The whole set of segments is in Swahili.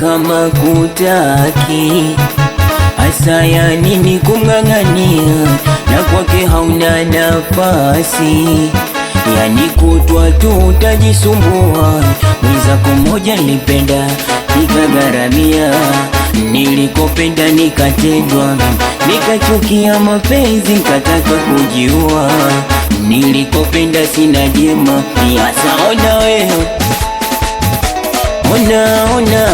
kama kutaki hasa ya nini kumng'ang'ania, na kwake hauna nafasi, yani kutwa tu utajisumbua. Mwenzako mmoja nilipenda nikagharamia, nilikopenda nikatendwa, nikachukia mapenzi nkataka kujiua, nilikopenda sina jema, hasa ona wewe, ona ona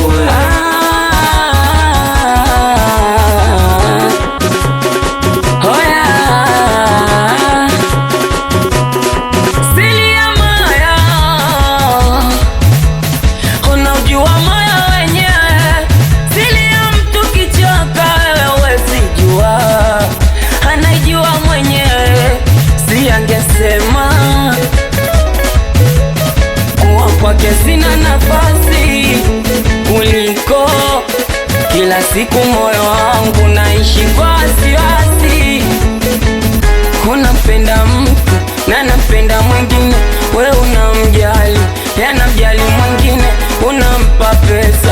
kwake sina nafasi kuliko kila siku moyo wangu naishi kwa wasiwasi. Kuna mpenda mtu na napenda mwingine, we unamjali, yanamjali mwingine, unampa pesa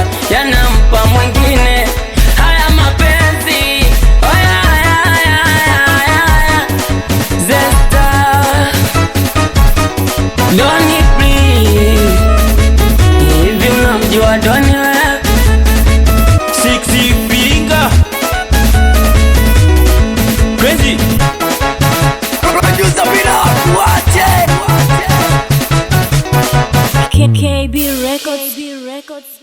Mjinga Crazy Producer bila kuache KB Records